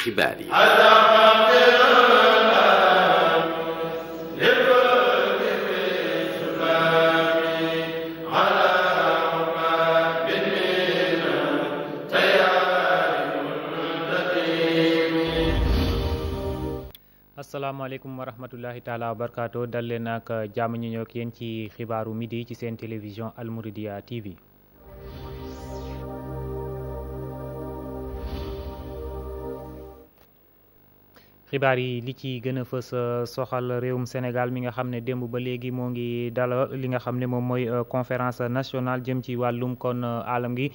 xibaar yi. asalaamaaleykum wa rahmatullahi taala wa barakaatu dal leen ak jàmm ñu ñëw ak yéen ci xibaaru midi ci seen télévision Almouridiya TV. xibaar yi li ci gën a fës euh, soxal réewum Sénégal mi nga xam ne démb ba léegi moo ngi dala euh, li nga xam ne moom mooy euh, conférence nationale jëm ci wàllum kon alam ngi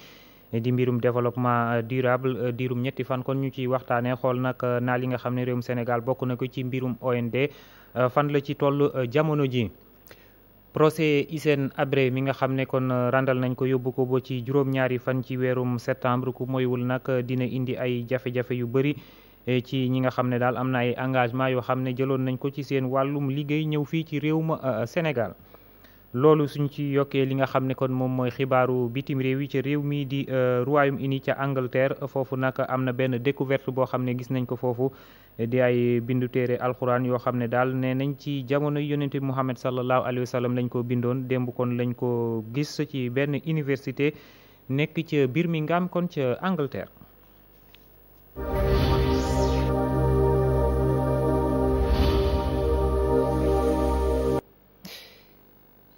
di mbirum développement durable diirum ñetti fan kon ñu ciy waxtaanee xool nag naa li nga xam ne réewum Sénégal bokk na ko ci mbirum OND fan la ci toll jamono ji procès Hissène Habré mi nga xam ne kon randal nañ ko yóbbu ko ba ci juróom-ñaari fan ci weerum septembre ku moywul nag dina indi ay jafe yu bëri Eh, ci ñi nga xam ne daal am na ay engagement yoo xam ne jëloon nañ ko ci seen wàllum liggéey ñëw fii ci réew ma euh, Sénégal loolu suñ ci yokkee li nga xam ne kon moom mooy xibaaru bitim réew yi ca réew mii di euh, Royaume-Uni ca Angleterre foofu nag am na benn découverte boo xam ne gis nañ ko foofu di ay bindu téere alxuraan yoo xam ne daal nee nañ ci jamono yonent bi Muhammad sallallahu alayhi wa sallam lañ ko bindoon démb kon lañ ko gis ci benn université nekk ca Birmingham kon ca Angleterre.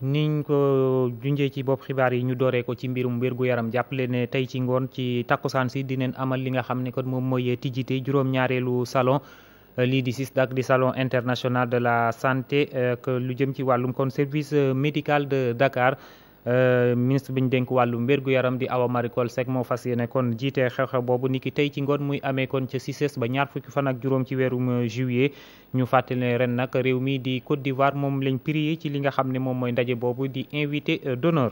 niñ ko junjee ci bopp xibaar yi ñu dooree ko ci mbirum wér-gu-yaram jàppale ne tey ci ngoon ci takkusaan si dineen amal li nga xam ne kon moom mooy tijjite juróom-ñaareelu salon euh, lii di SISDAC di salon international de la santé euh, lu jëm ci wàllum kon service euh, médical de Dakar Euh, ministre bi ñu dénk wàllu wérgu yaram di Awa Marie Coll Seck moo fas yéene kon jiitee xew-xew boobu niki tey ci ngoon muy amee kon ca Cissés ba ñaar fukki fan juróom ci weerum euh, juillet ñu fàttali ne ren nag réew mi di Côte d'Ivoire moom lañ prié ci li nga xam ne moom mooy ndaje boobu di invité euh, d'honneur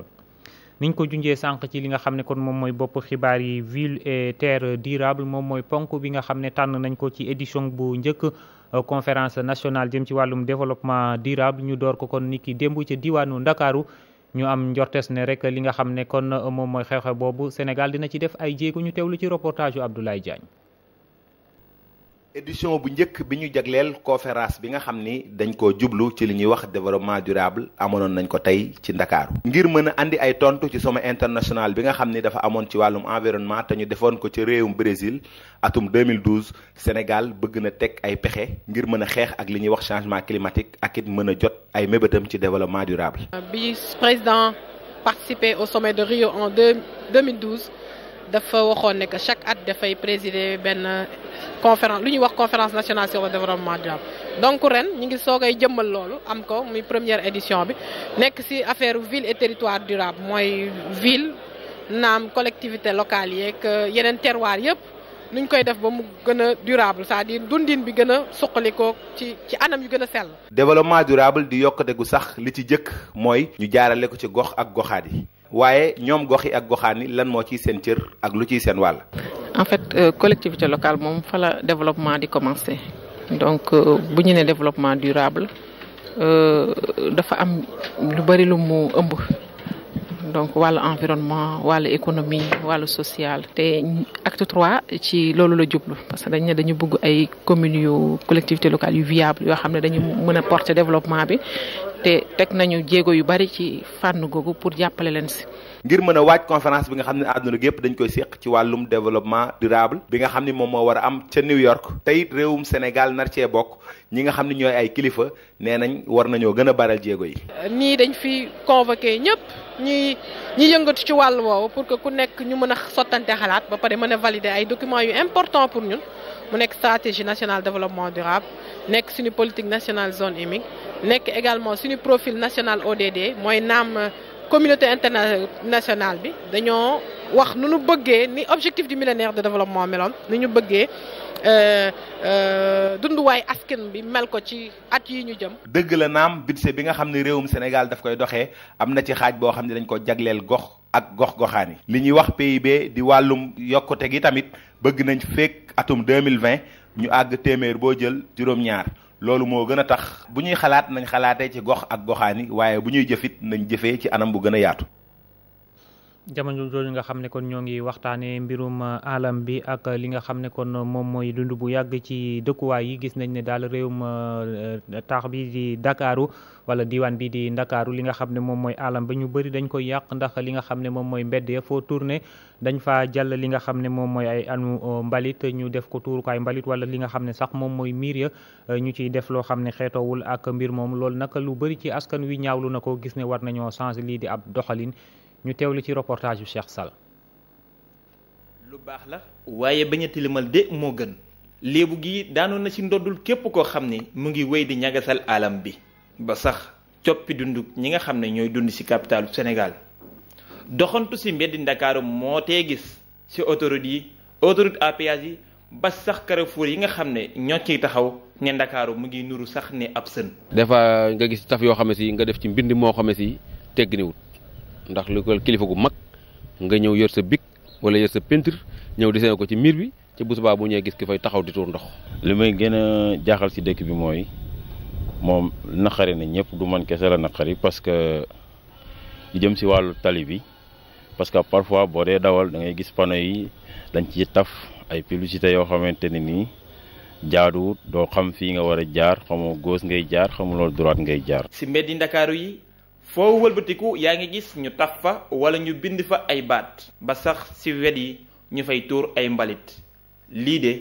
niñ ko junjee sànq ci li nga xam ne kon moom mooy bopp xibaar yi ville et terre durable moom mooy ponk bi nga xam ne tànn nañ ko ci édition bu njëkk conférence nationale jëm ci wàllum développement ñu am njortes ne rek li nga xam ne kon moom mooy xew-xew boobu Sénégal dina ci def ay jéegu ñu teewlu ci reportage yu Abdoulaye Diagne édition bu njëkk bi ñu jagleel conférence bi nga xam ni dañ koo jublu ci li ñuy wax développement durable amoonoon nañ ko tey ci ndakaaru ngir mën a andi ay tontu ci sommet international bi nga xam ni dafa amoon ci wàllum environnement te ñu defoon ko ci réewum Brésil atum 2012 Sénégal bëgg na teg ay pexe ngir mën a xeex ak li ñuy wax changement climatique ak it mën a jot ay mébétam ci développement durable. bi président participé au sommet de Rio en dafa waxoon ne que chaque at dafay présider benn conférence lu ñu wax conférence nationale sur le développement durable donc ren ñu ngi soogay jëmmal loolu am ko muy première édition bi nekk ci affaire ville et territoire durable mooy ville naam collectivité locale yeeg euh, yeneen terroir yëpp nuñ koy def ba mu gën a durable c'est-à-dire dundin bi gën a suqalikoo ci ci anam yu gën a sell. développement durable di yokkate gu sax li ci jëkk mooy. ñu jaarale ko ci gox ak goxaat yi. waaye ñoom gox yi ak goxaan yi lan moo ci seen cër ak lu ci seen wàll. en fait euh, collectivité locale moom fa développement di commencé donc euh, bu ñu ne développement durable euh, dafa am lu bari lu mu ëmb. donc wàllu environnement wàllu économie wàllu sociale te acte trois ci loolu la jublu parce que dañ ne dañu bëgg ay commune yu collectivités locales yu viable yoo xam ne dañu mën a développement bi te teg nañu jéego yu bari ci fànn googu pour jàppale leen si ngir mën a waaj conférence bi nga xam ne àdduna gépp dañ koy séq ci wàllum développement durable bi nga xam ne moom moo war a am ca New York tey réewum Sénégal nar cee bokk ñi nga xam ne ñooy ay kilifa nee nañ war nañoo gën a baral jéego yi. Euh, nii dañ fi convoqué ñëpp ñuy ñi yëngatu ci wàll woowu pour que ku nekk ñu mën a sottante xalaat ba pare mën a valider ay documents yu important pour ñun mu nekk stratégie nationale développement durable nekk suñu politique nationale zone humide nekk également suñu profil communauté internationale bi dañoo wax nu ñu bëggee ni objectif du millénaire de développement meloon ni ñu bëggee euh, euh, dunduwaay askan bi mel ko ci at yi ñu jëm. dëgg la naam budget bi nga xam ne réewum Sénégal daf koy doxee am na ci xaaj boo xam ne dañ ko jagleel gox ak gox-goxaan yi. li ñuy wax PIB di wàllum yokkute gi tamit bëgg nañ fekk atum deux mille vingt ñu àgg téeméer boo jël juróom-ñaar. loolu moo gën a tax bu ñuy xalaat nañ xalaatee ci gox ak goxaani waaye bu ñuy jëfit nañ jëfee ci anam bu gën a yaatu jamono jooju nga xam ne kon ñoo ngi waxtaanee mbirum uh, alam bi ak uh, li nga xam ne kon uh, moom mooy dund bu yàgg ci dëkkuwaay yi gis nañ ne daal réew réewum taax bi di Ndakaaru wala diwaan bi di Ndakaaru li nga xam ne moom mooy alam ba ñu bëri dañ koy yàq ndax li nga xam ne moom mooy mbedd ya foo dañ faa jàll li nga xam ne moom mooy ay anu mbalit ñu def ko turukaay mbalit wala li nga xam ne sax moom mooy miir ya ñu ciy def loo xam ne xeetawul ak mbir moom loolu nag lu bari ci askan wi ñaawlu na ko gis ne war nañoo changer lii di ab doxalin ñu teewlu ci reportage yu Cheikh Sall. lu baax la waaye bañ a tilimal de moo gën léebu gi daanoon na ci ndoddul képp koo xam ni mu ngi wéy di ñagasal alam bi ba sax coppi dunduk ñi nga xam ne ñooy dund ci capitalu senegal doxantu si mbeddi Ndakaaru moo tee gis ci autoroute yi autoroute à yi ba sax carrefour yi nga xam ne ñoo taxaw ne Ndakaaru mu ngi nuru sax ne ab sën. des fois nga gis taf yoo xam ne ci nga def ci mbind moo xam si ci tegg niwut ndax lu ko kilifa gu mag nga ñëw yor sa bic wala yor sa peinture ñëw dessiné ko ci miir bi ci bu subaa bu ñëwee gis ki fay taxaw di tuur ndox. li may gën a jaaxal si dëkk bi mooy moom naqari na ñëpp du man kese la naqari parce que jëm si wàllu tali bi parce que parfois boo dee dawal da ngay gis panneaux yi dañ ci taf ay publicité yoo xamante ne nii. jaaduwut doo xam fii nga war a jaar xamoo gauche ngay jaar xamuloo droite ngay jaar. ci mbeddi Ndakaaru yi foo wëlbatiku yaa ngi gis ñu taf fa wala ñu bind fa ay baat ba sax ci wet yi ñu fay tuur ay mbalit lii de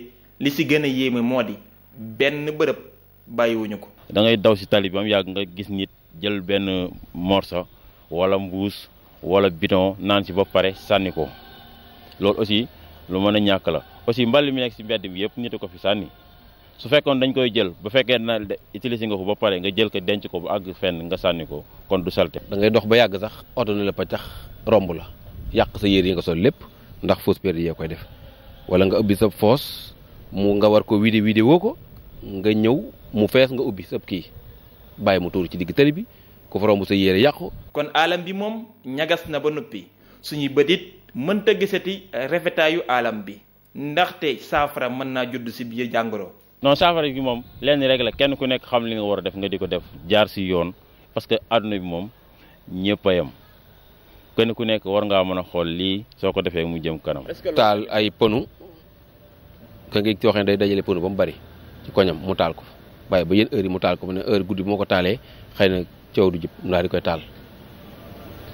li ci gën a yéeme moo di benn bërëb bàyyiwuñu ko. dangay daw ci tali bi yàgg nga gis nit jël benn morso walla mbuus wala bidon naan ci ba pare sànni ko loolu aussi lu mën a ñàkk la aussi mbali mi nekk ci mbedd bi yëpp nit ko fi sànni. su fekkoon dañ koy jël ba fekkee na utiliser nga ko ba pare nga jël ko denc ko bu àgg fenn nga sànni ko kon du salte da ngay dox ba yàgg sax oto ne la paccax romb la yàq sa yére yi nga sol lépp ndax fausse perte yee koy def wala nga ubbi sa foos mu nga war ko wide wide woo ko nga ñëw mu fees nga ubbi sab kii bàyyi mu tuuru ci digg tali bi ku fa romb sa yére yàqu. kon alam bi moom ñagas na ba noppi suñuy bët it mënta gisati rafetaayu alam bi ndaxte saafara mën naa judd si biir jàngoro. non saafara gi moom lenn rek la kenn ku nekk xam li nga war a def nga di ko def jaar si yoon parce que àdduna bi moom ñëpp a yem kenn ku nekk war ngaa mën a xool lii soo ko defee mu jëm kanam. taal ay ponu ka ngi ci wax ne dajale ponu ba mu bari ci koñam mu taal ko waaye ba yenn heure yi mu ko ne heure guddi moo ko taalee xëy na coow du jub mu di koy taal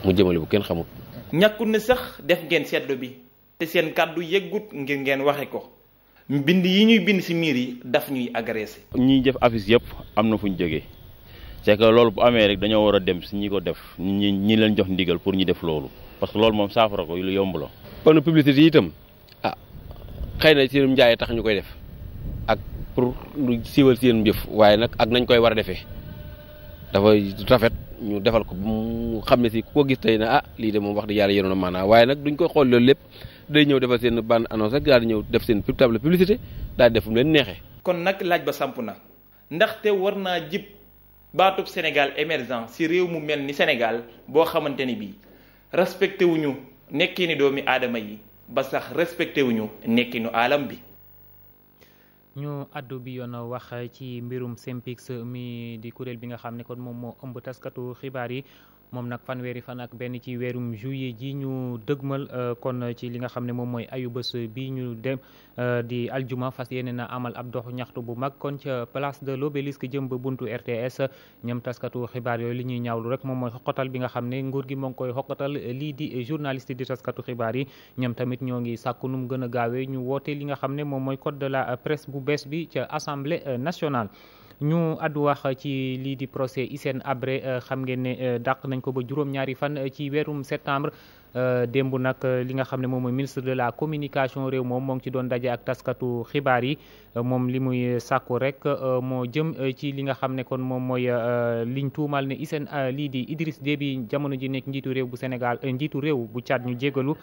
mu jëmale bu kenn xamut. ñàkkul ne sax def ngeen seddo bi te seen kàddu yëggut ngir ngeen waxe ko. mbind yi ñuy bind si miir yi daf ñuy agressé. ñiy def affiche yëpp am na fu ñu jógee c'est loolu bu amee rek dañoo war a dem si ñi ko def ñi ñi leen jox ndigal pour ñu def loolu parce que loolu moom saafara ko lu yomb la. panneau publicité itam ah xëy na seen njaay tax ñu koy def ak pour lu siiwal seen jëf waaye nag ak nañ koy war a defee dafa rafet. ñu defal ko bu mu xam ne si ku ko gis tey na ah lii de moom wax di yàlla yenoon a maanaa waaye nag duñ koy xool loolu lépp day ñëw defal seen bande annonce rek daal di ñëw def seen table publicité daal di def mu leen neexee. kon nag laaj ba samp na ndax te war naa jib baatub Sénégal émergent si réew mu mel ni Sénégal boo xamante ni bii respecté wuñu nekkini doomi aadama yi ba sax respecté wuñu nekkinu aalam bi. ñu addu bi yoon wax ci mbirum SYNPICS mi di kuréel bi nga xam ne kon moom moo ëmb taskatu xibaar yi moom nag fanweeri fan ak benn ci weerum juillet ji ñu dëgmal euh, kon ci li nga xam ne moom mooy ayubés bi ñu dem euh, di aljuma fas yéene na amal ab dox ñaxtu bu mag kon ca place de l'obélisque jëm ba buntu RTS ñoom taskatu xibaar yooyu li ñuy ñaawlu rek moom mooy xoqatal bi nga xam ne nguur gi moo ngi koy xoqatal euh, lii di journaliste di taskatu xibaar yi ñoom tamit ñoo ngi sàkku nu mu gën a gaawee ñu wootee li nga xam ne moom mooy code de la presse bu bees bi ca assemblée nationale ñu àddu wax ci lii di procès Hissène Habré euh, xam ngeen ne euh, dàq nañ ko ba juróom-ñaari fan euh, ci weerum septembre démb nag li nga xam ne moom mooy ministre de la communication réew moom moo ngi ci doon daje ak taskatu xibaar yi moom li muy sàkku rek moo jëm ci li nga xam ne kon moom mooy liñ tuumal ne Hissène lii di Idriss Déby jamono ji nekk njiitu réew bu senegal njiitu réew bu Tchad ñu jégalu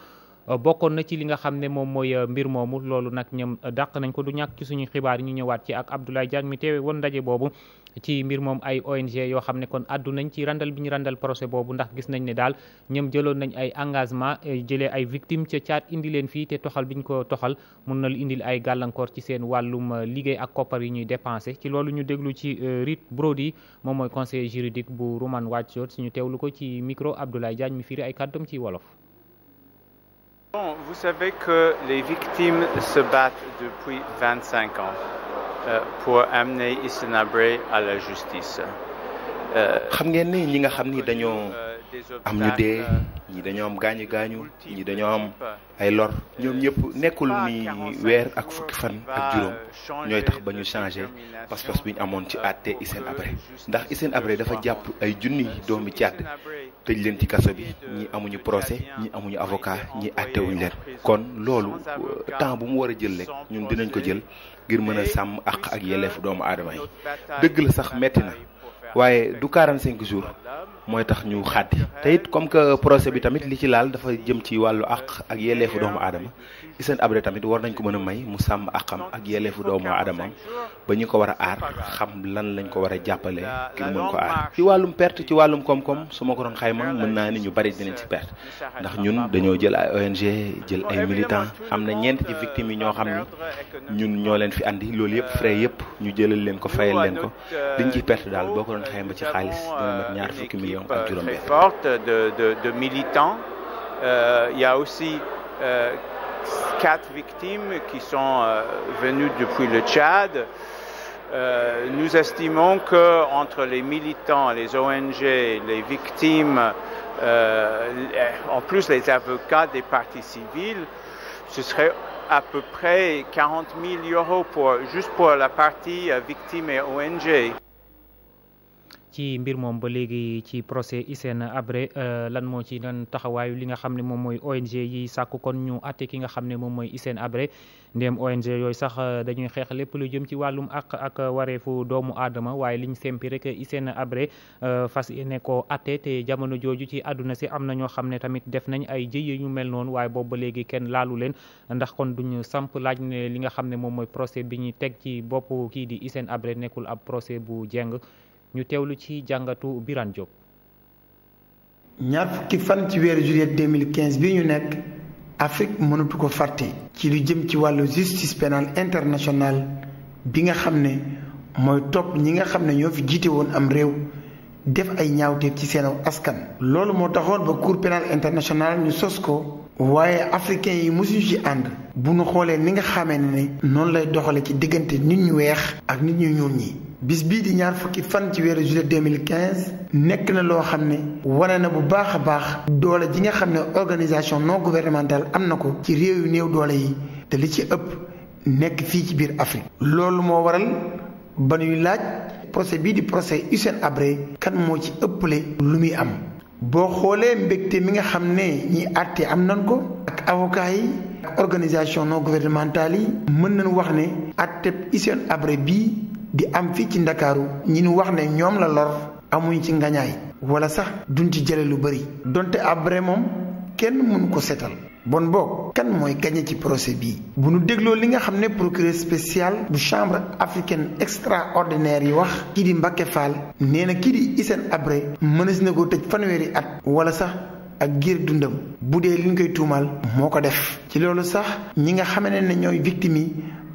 bokkoon na ci li nga xam ne moom mooy euh, mbir moomu loolu nag ñoom euh, dàq nañ ko du ñàkk ci suñuy xibaar yi ñu ñëwaat ci ak Abdoulaye Diagne mi teewe woon ndaje boobu ci mbir moom ay ONG yoo xam ne kon addu nañ ci randal bi ñu randal procès boobu ndax gis nañ ne daal ñoom jëloon nañ ay engagement euh, jëlee ay victimes ca caat indi leen fii te toxal bi ñu ko toxal mun na lu indil ay gàllankoor ci seen wàllum liggéey ak koppar yi ñuy dépensé ci loolu ñu déglu ci Rit Brody moom mooy conseiller juridique bu Roman Watch suñu teewlu ko ci micro Abdoulaye Diagne mi firi ay kàddoom ci wolof Bon, vous savez que les victimes se battent depuis 25 ans euh, pour amener Issenabré à la justice. Euh, xam ngeen ni ñi nga xam ni dañoo euh, am ñu dee ñi dañoo am gaañu gaañu ñi dañoo am ay lor ñoom ñëpp nekkul ni weer ak fukki fan ak juróom ñooy tax ba ñu changé pas-pas bi ñu amoon ci àtte Hissène Habré ndax Hissène Habré dafa jàpp ay junni doomi Tchad tëj leen ci kaso bi ñi amuñu procès ñi amuñu avocat ñi àttewuñu leen kon loolu euh, temps bu mu war a jël rek ñun dinañ ko jël ngir mën a sàmm àq ak yelleefu doomu aadama yi dëgg la sax metti na waaye du 45 jours mooy tax ñu xàddi te it comme que procès bi tamit li ci laal dafa jëm ci wàllu àq ak yelleefu doomu aadama Hissène Habré tamit war nañ ko mën a may mu sàmm àqam ak yelleefu doomu aadamam ba ñu ko war a aar xam lan lañ ko war a jàppale ngir mën ko aar ci wàllum perte ci wàllum koom-koom su ma ko doon xayma mën naa ni ñu bari dinañ ci perte ndax ñun dañoo jël ay ONG jël ay militants am na ñeent ci victimes yi ñoo xam ni ñun ñoo leen fi andi loolu yëpp frais yëpp ñu jëlal leen ko fayal leen ko dañ ciy perte daal boo ko doon xayma ci xaalis millions ak juróom de de de militants euh, il y a aussi euh, quatre victimes qui sont euh, venues depuis le Tchad. Euh, nous estimons que les militants, les ONG, les plus les avocats des partis civils, ce serait à peu près 40 ci mbir moom ba léegi ci procès Hissène Habré euh, lan moo ci lan taxawaayu li nga xam ne moom mooy ONG yi sàkk kon ñu àtte ki nga xam ne moom mooy Hissène Habré ndéem ONG yooyu sax euh, dañuy xeex lépp lu jëm ci wàllum àq ak wareefu doomu aadama waaye liñ sempi rek Hissène Habré euh, fas ne ko àtte te jamono ci àdduna si am na ñoo xam ne tamit def nañ ay jëye ñu mel noonu waaye boobu ba léegi kenn laalu leen ndax kon li nga xam ne moom mooy procès bi ñuy teg ci bopp kii di Hissène nekkul ab procès bu jeng ñu teewlu ci jàngatu Birane Diop. ñaar fukki fan ci weeru juillet 2015 bi ñu nekk Afrique mënatu ko fàtte ci lu jëm ci wàllu justice pénale internationale bi nga xam ne mooy topp ñi nga xam ne ñoo fi jiite woon am réew def ay ñaawteef ci seen askan. loolu moo taxoon ba cour pénale internationale ñu sos ko. waaye africain yi mosuñu ci ànd bu nu xoolee ni nga xamee ne noonu lay doxale ci diggante nit ñu weex ak nit ñu ñuul ñi bis bii di ñaar fukki fan ci weeru juillet 2015 nekk na loo xam ne wane na bu baax a baax doole ji nga xam ne organisation non gouvernementale am na ko ci réew yu néew doole yi te li ci ëpp nekk fii ci biir Afrique loolu moo waral ba ñuy laaj procès bii di procès Hissène Habré kan moo ci ëpple lu muy am boo xoolee mbégte mi nga xam ne ñi àtte am nañ ko ak avocat yi organisation non gouvernementale yi mën nañu wax ne àtteb Hissène Habré bii di am fii ci Ndakaaru ñi ñu wax ne ñoom la lor amuñ ci ngañaay wala sax duñ ci jële lu bari donte Habré moom kenn mënu ko setal bon boog kan mooy gagné ci procès bii bu nu dégloo li nga xam ne procureur spécial bu chambre africaine extraordinaire yi wax kii di Mbacké Fall nee na kii di Hissène Habré mënees na ko tëj fanweeri at wala sax ak giir dundam bu dee liñ koy tuumaal moo ko def ci loolu sax ñi nga xam ne ñooy victime yi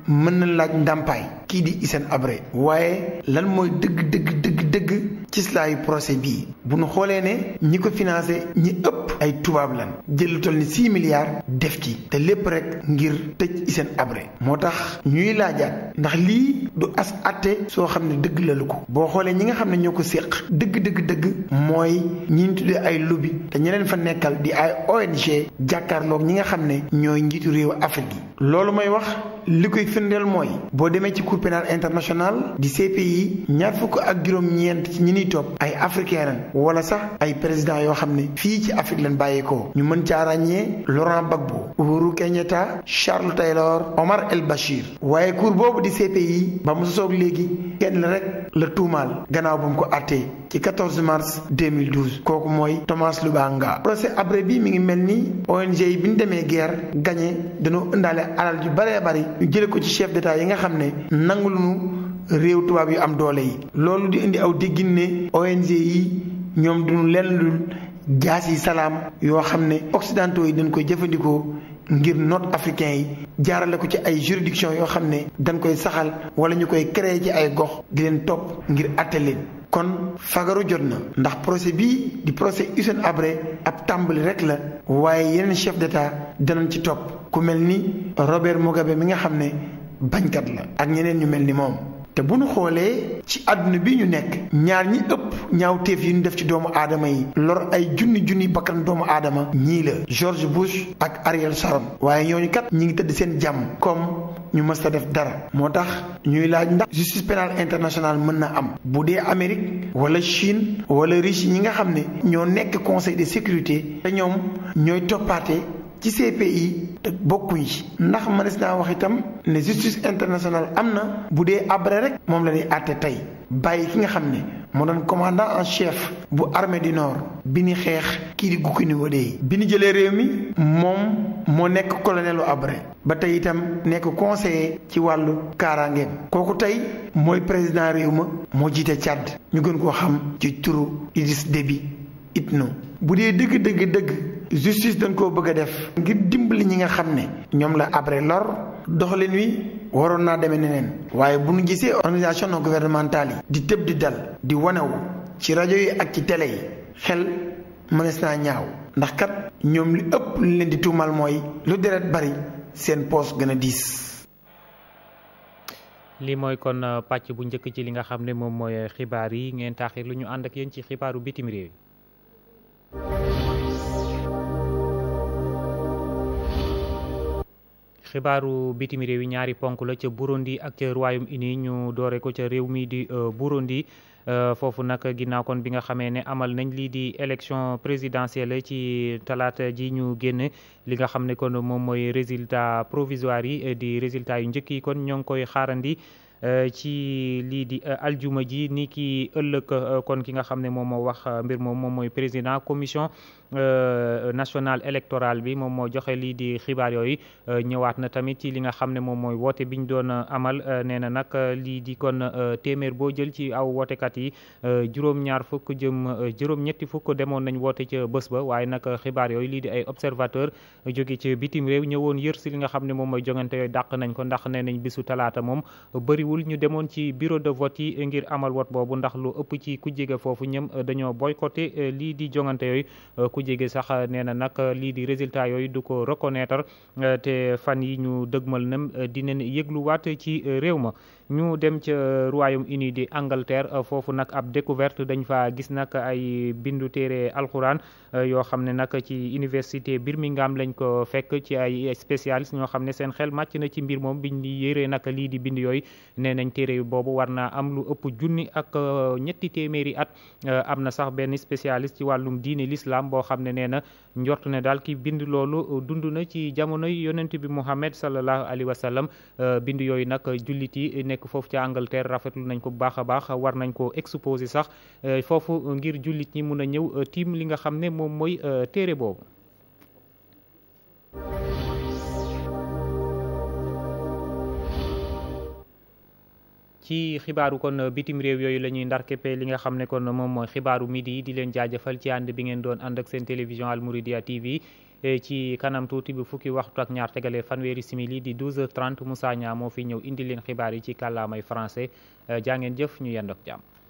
mën na laaj ndàmpaay kii di Hissène Habré waaye lan mooy dëgg dëgg dëgg dëgg ci slaayu procès bii bu nu xoolee ne ñi ko financé ñi ëpp ay tubaab lan jël lu toll ni six def ci te lépp rek ngir tëj seen Habré moo tax ñuy laajaat ndax lii du as atte soo xam ne dëgg la ko boo xoolee ñi nga xam ne ñoo ko séq dëgg dëgg dëgg mooy ñi ñu tuddee ay lobby te ñi fa nekkal di ay ONG jàkkaarloog ñi nga xam ne ñooy njiitu réew Afrique yi loolu mooy wax li koy firndeel mooy boo demee ci cour pénal international di CPI ñaar fukk ak juróom-ñeent ci ñi ñuy topp ay africain wala sax ay président yoo xam ne fii ci Afrique lañ bàyyeekoo ñu mën caa ràññee Laurent Gbagbo Uhuru Kenyatta Charles Taylor Omar El Bashir waaye cour boobu di CPI ba mu sosoog léegi kenn rek la tuumaal gannaaw ba mu ko àttee ci 14 mars 2012 kooku mooy Thomas Lubanga procès abré bi mu ngi mel ni ONG yi bi ñu demee guerre gagné dañoo indaale alal yu bëree bëri ñu jële ko ci chef d'état yi nga xam ne nangu lu nu réew tubaab yu am doole yi loolu di indi aw déggin ne ONG yi ñoom duñu lenn lu jaas yi salaam yoo xam ne occidentaux yi dañ koy jëfandikoo ngir noot africain yi jaarale ko ci ay juridiction yoo xam ne dañ koy saxal wala ñu koy créer ci ay gox di leen topp ngir àtte leen kon fagaru jot na ndax procès bii di procès Hissène abré ab tàmbali rek la waaye yeneen chef d'état danañ ci topp ku mel ni Robert Mugabe mi nga xam ne bañkat la ak ñeneen ñu mel ni moom te bu nu xoolee ci àdduna bi ñu nekk ñaar ñi ëpp ñaawteef yi ñu def ci doomu aadama yi lor ay junni junni bakkan doomu aadama ñii la George Bush ak Ariel Sharon waaye ñooñu kat ñi ngi tëdd seen jàmm comme ñu mësta def dara moo tax ñuy laaj ndax justice pénale internationale mën na am bu dee Amérique wala Chine wala Russie ñi nga xam ne ñoo nekk conseil de sécurité te ñoom ñooy toppaate ci CPI te bokku yi ndax mënees naa wax itam ne justice internationale am na bu dee abré rek moom la ñuy àtte tey bàyyi ki nga xam ne moo doon commandant en chef bu armée du nord bi ni xeex kii di gukki ni wadee bi ni jëlee réew mi moom moo nekk colonelu abre ba tey itam nekk conseiller ci wàllu kaaraangeem kooku tey mooy président réew ma moo jiite Tchad ñu gën koo xam ci turu Idriss Déby Itno bu dee dëgg dëgg dëgg justice dañ koo bëgg a def ngir dimbali ñi nga xam ne ñoom la après lor doxalin wi waroon naa demee neneen waaye bu ñu gisee organisation non gouvernementale yi di tëb di dal di wanewu ci rajo yi ak ci tele yi xel mënees naa ñaaw ndax kat ñoom li ëpp leen di tuumal mooy lu deret bari seen poos gën a diis li mooy kon euh, pàcc bu njëkk ci li nga xam ne moom mooy xibaar yi ngeen taaxir lu ñu ànd ak yéen ci xibaaru bitim réew yi xibaaru bitim réew yi ñaari ponk la ca Burundi ak ca Royaume-Uni ñu doore ko ca réew mii di euh, Burundi euh, foofu nag ginnaaw kon bi nga xamee ne amal nañ lii di élection présidentielle ci talaata ji ñu génn li nga xam ne kon moom mooy résultat provisoire yi di résultat yu njëkk yi kon ñoo ngi koy xaarandi euh, ci lii di aljuma ji ni ki ëllëg kon ki nga xam ne moom moo wax mbir moom moom mooy président commission Euh, national électoral bi moom moo joxe lii di xibaar yooyu euh, ñëwaat na tamit ci li nga xam ne moom mooy woote bi ñu doon euh, amal nee na nag lii di kon téeméer boo jël ci aw woote wootekat yi juróom-ñaar fukk jëm juróom-ñetti fukk demoon nañ woote ca bés ba waaye nag xibaar yooyu lii di ay observateur jóge ci bitim réew ñëwoon yër si li nga xam ne moom mooy jongante yooyu dàq nañ ko ndax nee nañ bisu talaata moom bëriwul ñu demoon ci bureau de vote yi ngir amal woot boobu ndax lu jege sax nee na nag lii di résultat yooyu du ko reconnaître te fan yi ñu dëgmal nam dinañ yëgluwaat ci réew ma ñu dem ca Royaume-Uni di Angleterre euh, foofu nag ab découverte dañ fa gis nag ay bindu téere alxuraan euh, yoo xam ne nag ci université Birmingham lañ ko fekk ci ay spécialistes ñoo xam ne seen xel màcc na ci mbir moom biñ di yëree nag lii di bind yooyu nee nañ téere yu boobu war naa am lu ëpp junni ak euh, ñetti téeméeri at am na sax benn spécialiste ci wàllum diine l'islam boo xam ne nee na njort ne daal ki bind loolu dund na ci jamonoy yonent bi Muhammad sallallahu nekk foofu ca Angleterre rafetlu nañ ko bu baax a baax war nañ ko exposé sax euh, foofu ngir jullit ñi mun a ñëw euh, tiim li nga xam ne moom mooy euh, téere boobu. ci xibaaru kon bitim réew yooyu la ñuy ndar képpe li nga xam ne kon moom mooy xibaaru midi di leen jaajëfal ci ànd bi ngeen doon ànd ak seen télévision Al TV Eh, ci kanam tuuti bu fukki waxtu ak ñaar tegalee fanweeri simili di 12 h moo fi ñëw indi xibaar yi ci kàllaamay français eh, jaa jëf ñu yendook jàmm